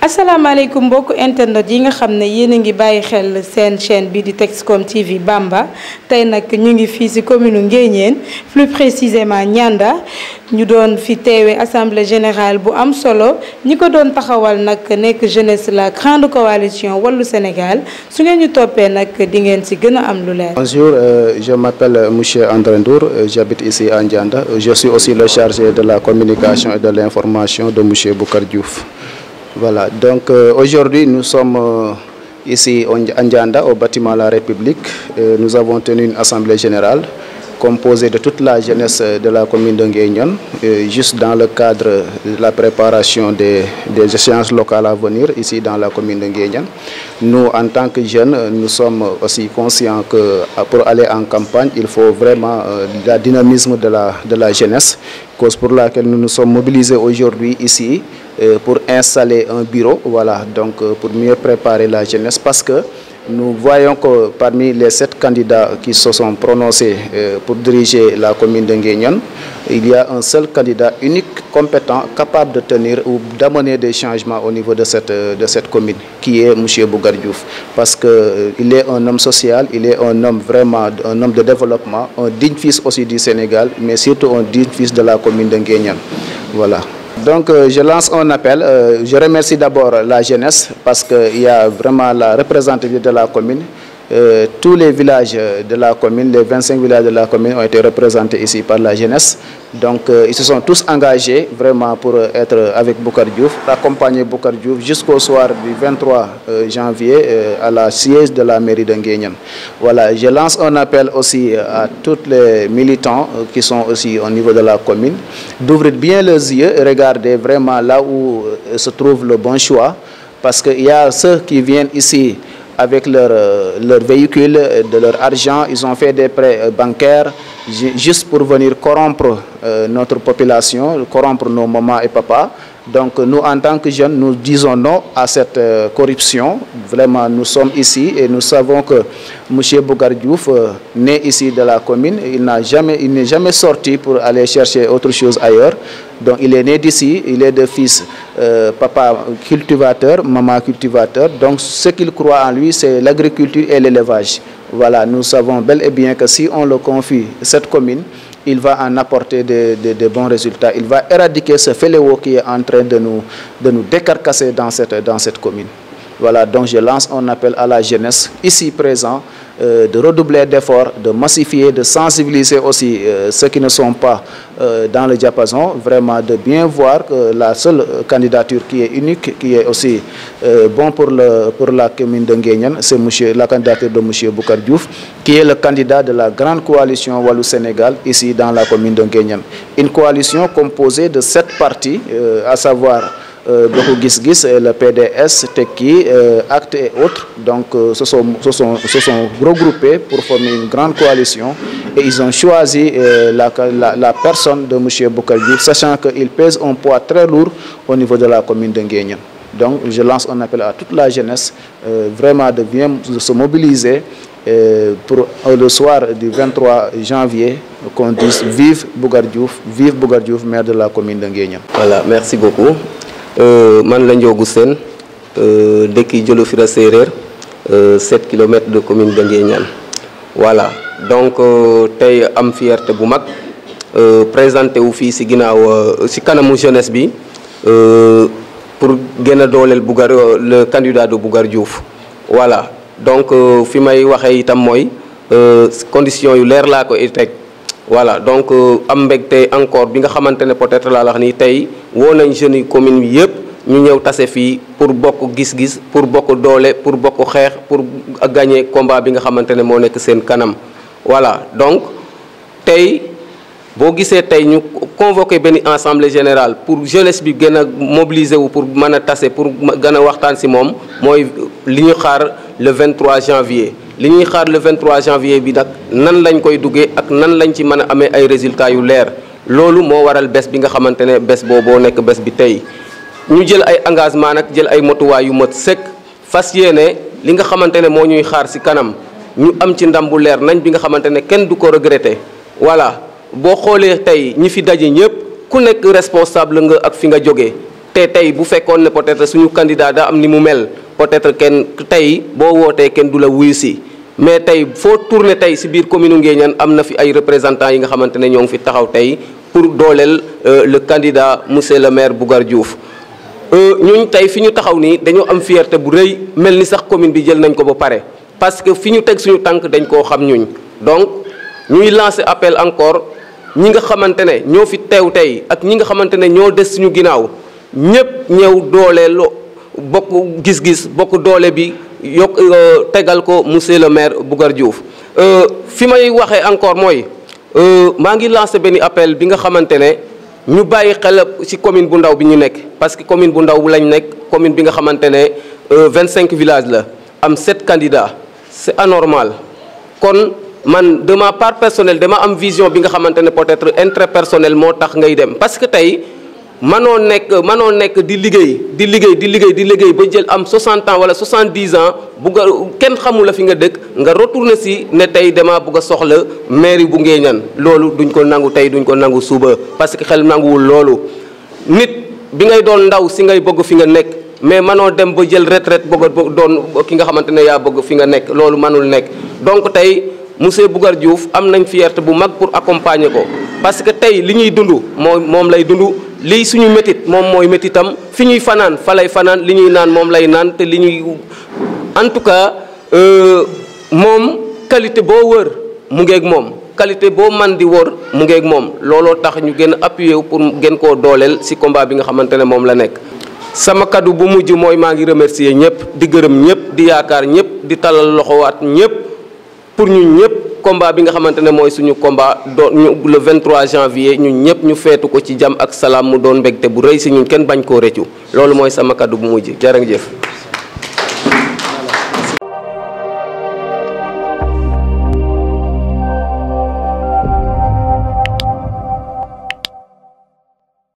Assalamu asalaamaaleykum mbokku internet yi nga xamné yéne ngi bayyi xel sen chaîne bi di Texcom TV Bamba tay nak ñu ngi fi ci commune Nguéniène plus précisément Nianda ñu doon fi téwé assemblée générale bu am solo ñiko doon taxawal nak nek jeunesse la grande coalition walu Sénégal su ngeen ñu topé nak di ngeen ci gëna am lu leer. Bonjour euh, je m'appelle euh, monsieur André Ndour euh, j'habite ici à Nianda je suis aussi le chargé de la communication et de l'information de monsieur Boucar Diouf. Voilà, donc euh, aujourd'hui nous sommes euh, ici en Ndianda, au bâtiment La République. Euh, nous avons tenu une assemblée générale composé de toute la jeunesse de la commune de euh, juste dans le cadre de la préparation des, des, échéances locales à venir ici dans la commune de Nous, en tant que jeunes, nous sommes aussi conscients que euh, pour aller en campagne, il faut vraiment euh, le dynamisme de la, de la jeunesse, cause pour laquelle nous nous sommes mobilisés aujourd'hui ici pour installer un bureau, voilà, donc pour mieux préparer la jeunesse parce que nous voyons que parmi les sept candidats qui se sont prononcés euh, pour diriger la commune de il y a un seul candidat unique, compétent, capable de tenir ou d'amener des changements au niveau de cette, euh, commune, qui est M. Bougardiouf. Parce qu'il euh, est un homme social, il est un homme vraiment, un homme de développement, un digne fils aussi du Sénégal, mais surtout un digne fils de la commune de Voilà. Donc euh, je lance un appel. Euh, je remercie d'abord la jeunesse parce qu'il y a vraiment la représentativité de la commune. Euh, tous les villages de la commune, les 25 villages de la commune ont été représentés ici par la jeunesse. Donc ils se sont tous engagés vraiment pour être avec Boukar accompagner Boukar jusqu'au soir du 23 janvier à la siège de la mairie d'Anguignan. Voilà, je lance un appel aussi à tous les militants qui sont aussi au niveau de la commune d'ouvrir bien les yeux et regarder vraiment là où euh, se trouve le bon choix. Parce qu'il y a ceux qui viennent ici avec leur, euh, leur véhicule, euh, de leur argent, ils ont fait des prêts bancaires juste pour venir corrompre notre population, corrompre nos mamans et papas. Donc nous, en tant que jeunes, nous disons non à cette euh, corruption. Vraiment, nous sommes ici et nous savons que M. Bougardiouf, euh, né ici de la commune, il n'est jamais, jamais sorti pour aller chercher autre chose ailleurs. Donc il est né d'ici, il est de fils, euh, papa cultivateur, maman cultivateur. Donc ce qu'il croit en lui, c'est l'agriculture et l'élevage. Voilà, nous savons bel et bien que si on le confie, cette commune, il va en apporter des, bons résultats. Il va éradiquer ce fléau qui est en train de nous, décarcasser dans cette commune. Voilà, donc je lance un appel à la jeunesse ici présent euh, de redoubler d'efforts, de massifier, de sensibiliser aussi euh, ceux qui ne sont pas euh, dans le diapason, vraiment de bien voir que la seule candidature qui est unique, qui est aussi bon pour, le, pour la commune de c'est la candidature de M. Boukar Diouf, qui est le candidat de la grande coalition Wallou-Sénégal, ici dans la commune de Une coalition composée de sept partis, à savoir euh, le PDS Teki, euh, Acte et autres donc euh, se sont sont regroupés pour former une grande coalition et ils ont choisi la personne de M. Boukardiouf, sachant qu'il pèse un poids très lourd au niveau de la commune de donc je lance un appel à toute la jeunesse vraiment de se mobiliser pour le soir du 23 janvier qu'on dise vive Boukardiouf, vive Bougardiouf, maire de la commune de Voilà, merci beaucoup. Euh, man la Ndiogou Sène euh, dëkk Jolofira Séeréer 7 euh, kilomètres de commune de Ndiéniane voilà donc tey am fierté bu mag présenté wu fii si ginnaaw si kanamu jeunesse bi pour gën a dooleel Bougar le candidat de Bougar Diouf voilà donc fi may waxee itam mooy condition yu leer laa ko teg voilà donc euh, am encore bi nga xamantene peut-être la wax ni tay wo nañ jeunes commune bi yëpp ñu ñëw tassé fi pour bokk gis-gis pour bokk d'olé, pour bokk xeex pour gagner combat bi nga xamantene mo nek sen kanam voilà donc tay bo gisee tay ñu convoquer benn assemblée générale pour jeunesse bi gëna mobiliser wu pour mëna tassé pour gëna a waxtaan ci mom moy li ñu xaar le 23 janvier li ñuy xaar le 23 janvier bi nag nan lañ koy duggee ak nan lañ ci mën a amee ay résultat yu leer loolu moo waral bés bi nga xamante ne bés booboo nekk bés bi tey ñu jël ay engagement nag jël ay motuwaay yu mat sëkk fas yéene li nga xamante ne moo ñuy xaar ci kanam ñu am ci ndam bu leer nañ bi nga xamante ne kenn du ko regretter voilà boo xoolee tey ñi fi daje ñëpp ku nekk responsable nga ak fi nga jóge te tey bu fekkoon ne peut-être suñu candidat daa am ni mu mel peut-être kenn tey boo wootee kenn du la wuyu si mais tey foo tourné tey si biir commune Nguéniène am na fi ay représentants yi nga xamante ne ñoo ngi fi taxaw tey pour dooleel euh, le candidat monsieur le maire Bougar Diouf euh, ñuñ tey fi ñu taxaw nii dañoo am fierté bu rëy mel ni sax commune bi jël nañ ko ba pare parce que fi ñu teg suñu tànk dañ koo xam ñuñ donc ñuy lancer appel encore ñi nga xamante ne ñoo fi teew tey ak ñi nga xamante ne ñoo des suñu ginnaaw ñépp ñëw dooleel bokk gis-gis bokk doole bi yokk euh, tegal ko monsieur le maire Bougar Diouf euh, fi may waxee encore mooy euh, maa ngi lancé benn appel bi nga xamante ne ñu bàyyi xel ci commune bu ndaw bi ñu nekk parce que commune bu ndaw bi lañ nekk commune bi nga xamante ne 25 village la am 7 candidats c'est anormal kon man de ma part personnelle dama am vision bi nga xamante ne peut-être intérêt personnel moo tax ngay dem parce tey. manoo nekk manoo nekk di liggéey di liggéey di liggéey di liggéey ba jël am 60 ans wala 70 ans bu nga kenn xamul la fi nga dëkk nga retourné si ne tey dama bugg a soxla mairie bu ngee Nguéniène loolu duñ ko nangu tey duñ ko nangu suuba parce que xel nanguwul loolu nit bi ngay doon ndaw si ngay bëgg fi nga nekk mais manoo dem ba jël retraite bëgg a doon ki nga xamante ne yaa bëgg fi nga nekk loolu manul nekk donc tey monsieur Bougar Diouf am nañ fierté bu mag pour accompagner ko parce que tey li ñuy dund moo moom lay dund lii suñu métit metitam fini fanan fi fanan fanaan fa lay fanaan li ñuy naan moom lay naan te li en tout cas euh, mom qualité boo wër mu ngeeg moom qualité man di wër mu ngeeg moom looloo tax ñu gën appuyer pour gën si combat bi nga xamante la nek sama kadu bu mujj mooy maa ngi remercier ñëpp di gërëm ñëpp di yaakaar nyep di talal loxowaat pour ñun combat bi nga xamante ne mooy suñu combat doon le 23 janvier ñun ñëpp ñu feetu ko ci jam ak salaam mu doon mbegte bu rëy si ñu kenn bañ koo rëccu loolu mooy sama kaddu bu mujj jërë jëf